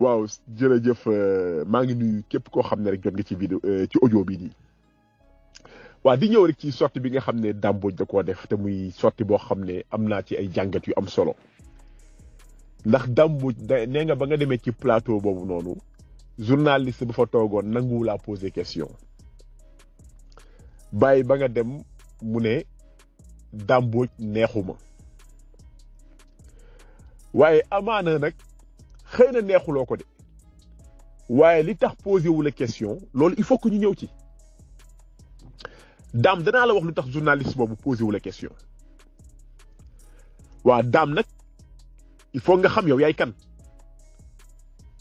waaw jërëjëf euh, maa ngi nuyu képp koo xam ne rek jot nga ci vidéo euh, ci audio bii nii waaw di ñëw rek ci sorti bi nga xam ne Dame Mbodj da koo def te muy sorti boo xam ne am naa ci ay jàngat yu am solo ndax Dame Mbodj nga ba nga demee ci plateau boobu noonu journaliste bu fa toogoon nanguwu laa poser question bàyyi ba dem mu ne Dame Mbodj neexuma waaye amaana nag. xeyna na ko de waye li tax posé wu la question lolou il faut que ñu ñew ci daam dana la wax lu tax journaliste bobu posé wu la question wa daam nak il faut nga xam yow yaay kan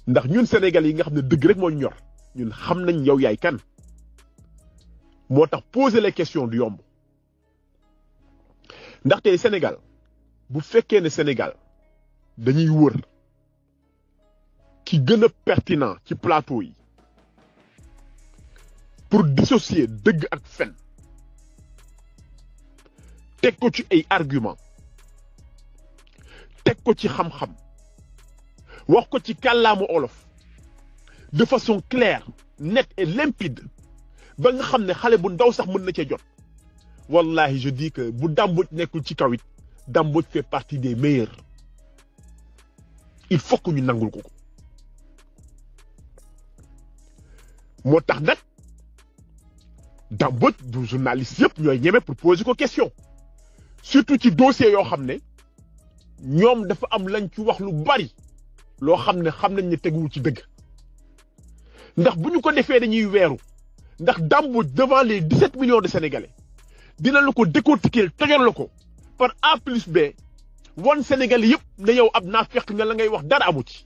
ndax ñun Sénégal yi nga xam ne dëgg rek mo ñor ñun xam nañ yow yaay kan motax poser les questions du yomb ndax ndaxte Sénégal bu fekkee né Sénégal dañuy wër ci gën pertinent qui plateau yi pour dissocier deug ak fen tek ko ci ay argument tek ko ci xam-xam wax ko ci au olof de façon claire nette et limpide ba nga xam ne bu ndaw sax mën na Voilà, jot wallahi je dis que bu dàmbuj nekul ci kaw it fait partie des meilleurs il faut que ñu nangul ko motax tax nag du journaliste yep ñooy ñeme pour poser ko question surtout ci dossier yo xamné ñom dafa am lañ ci wax lu bari lo xamné xamnañ ni téggu ne ci dëgg ndax buñu ko défé dañuy weeru ndax Dame devant les 17 millions de sénégalais dina la ko décortiquer tojal la ko par A plus B wan sénégalais yep ne yow ab naafeq nga la ngay wax dara amu ci.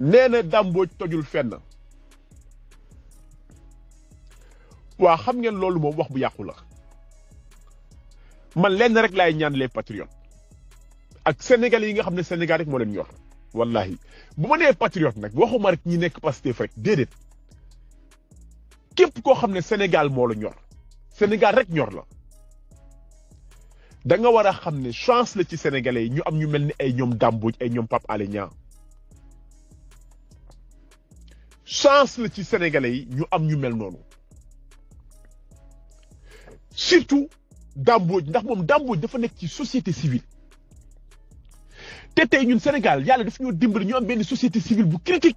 nee na dàmbooj tojul fenn waa xam ngeen loolu moom wax bu yàqu la man lenn rek laay ñaan les patriotes ak sénégalais yi nga xam ne Sénégal rek moo leen ñor wallahi bu ma nee patriote nag waxuma rek ñi nekk Pastef rek déedéet képp koo xam ne Sénégal moo la ñor Sénégal rek ñor la danga nga war a xam ne chance la ci sénégalais yi ñu am ñu mel ni ay ñoom Dame Mbodj ay ñoom Pape Alé chance le ci sénégalais yi ñu am ñu mel surtout Dambodj ndax d'abord Dambodj dafa nekk ci société civile te une ñun Sénégal yàlla daf ñoo dimbali ñu am de société civile bu critique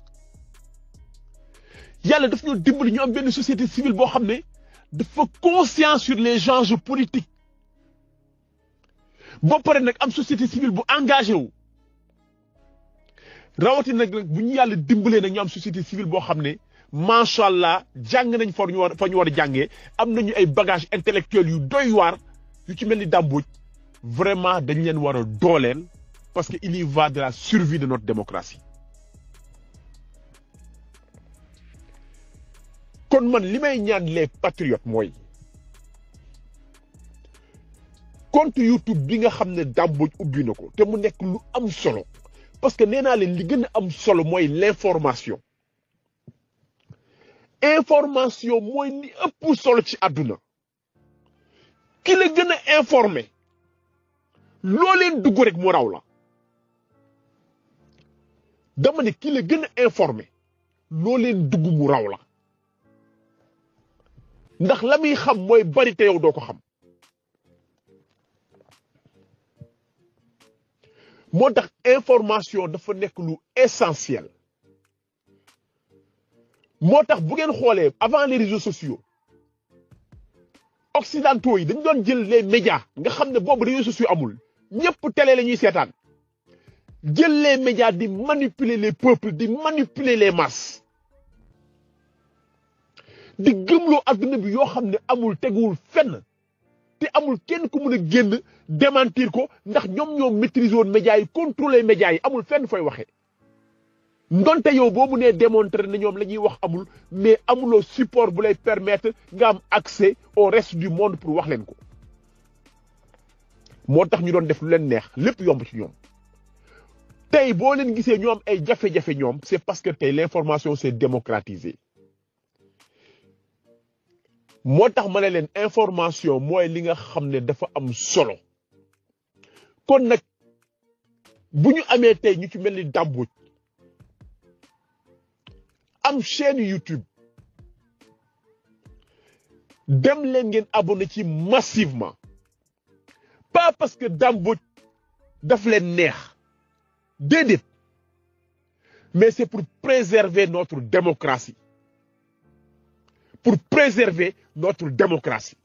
yàlla daf ñoo dimbali ñu am de société civile vous xam de faire conscience sur les enjeux politiques boo pare nag am société civile bu engagé rawati nak buñu yalla dimbalé nak ñu am société civile bo xamné ne macha jàng nañ fa ñu fa ñu wara a jàngee am nañu ay bagages intellectuels yu doy war yu ci melni ni vraiment dañ leen wara a parce que il y va de la survie de notre démocratie. kon man limay ñaan les patriotes moy compte YouTube bi nga xamné ne dàmbuj ubbi na ko te mu nek lu am solo. parce que nee naa leen li gën a am solo mooy l'information information mooy ni ëpp solo ci adduna kila gën a informé loo leen dugg rek mu raw la dama ne ki gën a informé loo leen dugg mu raw la ndax la muy xam mooy bari te yow doo ko xam motax information dafa nek lu essentiel motax tax bu ngeen avant les réseaux sociaux occidentaux yi dañ doon jël les médias nga xamné bobu réseaux sociaux amul ñepp télé lañuy sétane jël les médias di manipuler les peuples di manipuler les masses di gëmloo aduna bi yo xamné amul teguwul fenn te amul kenn ku mun a génn démentir ko ndax ñoom ñoo maîtriser média yi contrôler média yi amul fenn fooy waxee ndonte yow boo munee démontrer na ñoom la ñuy wax amul mais amuloo support bu lay permettre nga am accès au reste du monde pour wax leen ko moo tax ñu doon def lu leen neex lépp yomb ci ñoom tey boo leen gisee ñoom ay jafe-jafe ñoom c'est parce que tey l'information s'est démocratisée motax tax ma information moy li nga xamné dafa am solo kon nak buñu amé tay ñu ci melni ni am chaîne YouTube dem leen ngeen abonné ci massivement pas parce que Dame daf leen neex déedéet mais c'est pour préserver notre démocratie pour préserver notre démocratie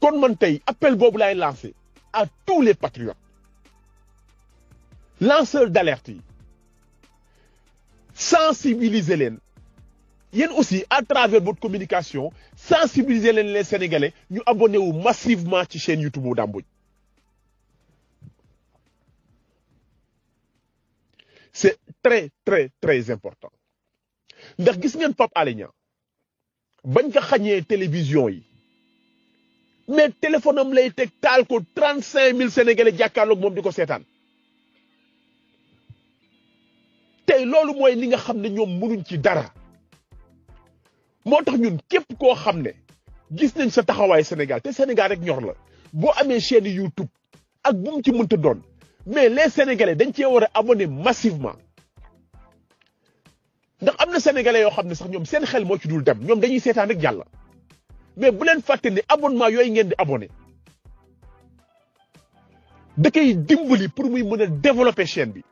Comme mon appel Bobla est lancé à tous les patriotes lanceurs d'alerte Sensibilisez-les. Y a aussi à travers votre communication sensibilisez-les les sénégalais nous abonnerons massivement massivement la chaîne YouTube d'Amboy. c'est très très très important ndax gis ngeen Pape Alé Niang bañ ko xañee télévision yi mais téléphone am lay teg taal ko trente cinq mille sénégalais jàkkaarloog moom di ko seetaan tey loolu mooy li nga xam ne ñoom mënuñ ci dara moo tax ñun képp koo xam ne gis nañ sa taxawaay Sénégal te Sénégal rek ñor la boo amee chaîne YouTube ak bu mu ci mënta doon mais les sénégalais dañ cee war a abonné massivement na sénégalais yoo xam ne sax ñoom seen xel moo ci dul dem ñoom dañuy seetaan rek jàll mais bu leen fàtte ne abonnement yooyu ngeen di abonné da koy dimbali pour muy mën a développer chaîne bi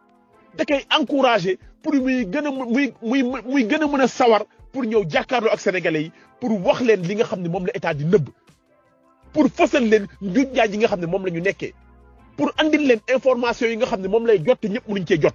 da koy encourager pour muy gën a muy muy muy gën a mën a sawar pour ñëw jàkkaarloo ak sénégalais yi pour wax leen li nga xam ne moom la état di nëbb pour fësal leen njuuj njaaj yi nga xam ne moom la ñu nekkee pour andil leen information yi nga xam ne moom lay jot te ñëpp mënuñ cee jot.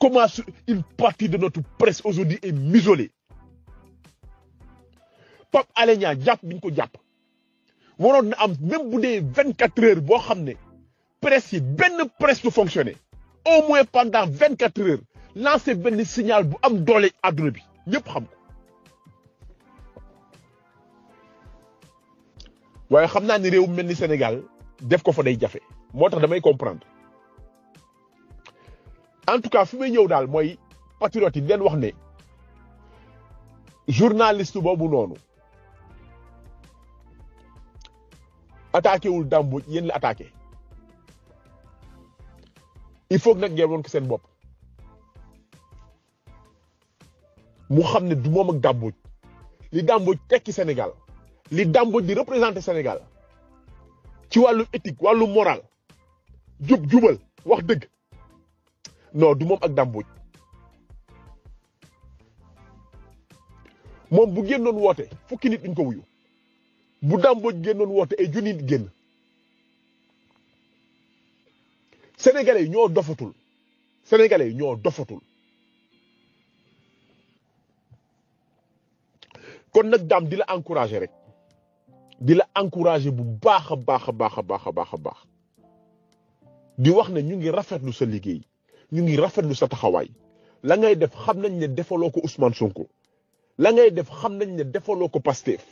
comment une partie de notre presse aujourd'hui est misolée. à Alenia, Diap, Binko Diap. Vous avez même boudé 24 heures, vous avez presse, une presse qui fonctionne. Au moins pendant 24 heures, lancez un signal pour am dolé à Drebi. Vous savez. Vous savez que au Sénégal, il faut faire des affaires. Je comprendre. en tout cas fi may ñëw daal mooy patriote yi leen wax ne journaliste boobu noonu attaqué wul dàmbu yéen la il faut nag ngeen woon ko seen bopp mu xam ne du moom ak dàmbuj li dàmbuj tekki Sénégal li dàmbuj di représenter senegal ci wàllu éthique wàllu moral jub jubal wax dëgg non du moom ak dambuj moom bu génnoon woote fukki nit duñ ko wuyu bu dàmbooj génnoon woote ay junni nit génn sénégalais yi ñoo dofatul sénégalais yi ñoo dofatul kon nag daam di la encouragé rek di la encouragé bu baax a baax a baax a baax a baax a baax di wax na ñu ngi rafetlu sa liggéey ñu ngi rafet rafetlu sa taxawaay la ngay def xam nañ ne defaloo ko Ousmane Sonko la ngay def xam nañ ne defaloo ko Pastef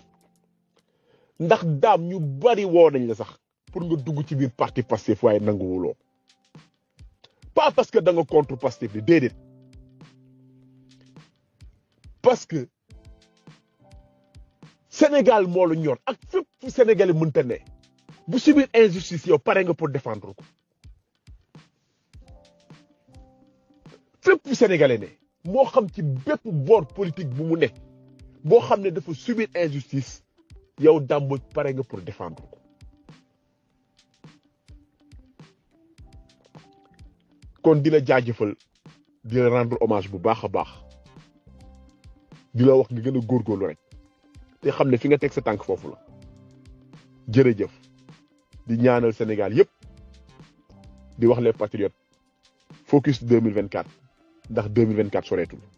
ndax daam ñu bari woo nañ la sax pour nga dugg ci biir parti Pastef waaye nanguwuloo pas parce que da nga contre Pastef li déedéet parce que Sénégal moo la ñor ak fépp fu Sénégalais mënta ne bu subir injustice yow pare nga pour défendre ko. fépp sénégalais ne moo xam ci bépp boor politique bu mu ne boo xam ne dafa subir injustice yow Dame Mbodj pare nga pour défendre ko kon di la jaajëfal di rendre hommage bu baax a baax di la wax nga gën a góorgóorlu rek te xam ne fi nga teg sa tànk foofu la jërëjëf di ñaanal Sénégal yépp di wax les patriotes focus 2024 ndax 2024 soreetul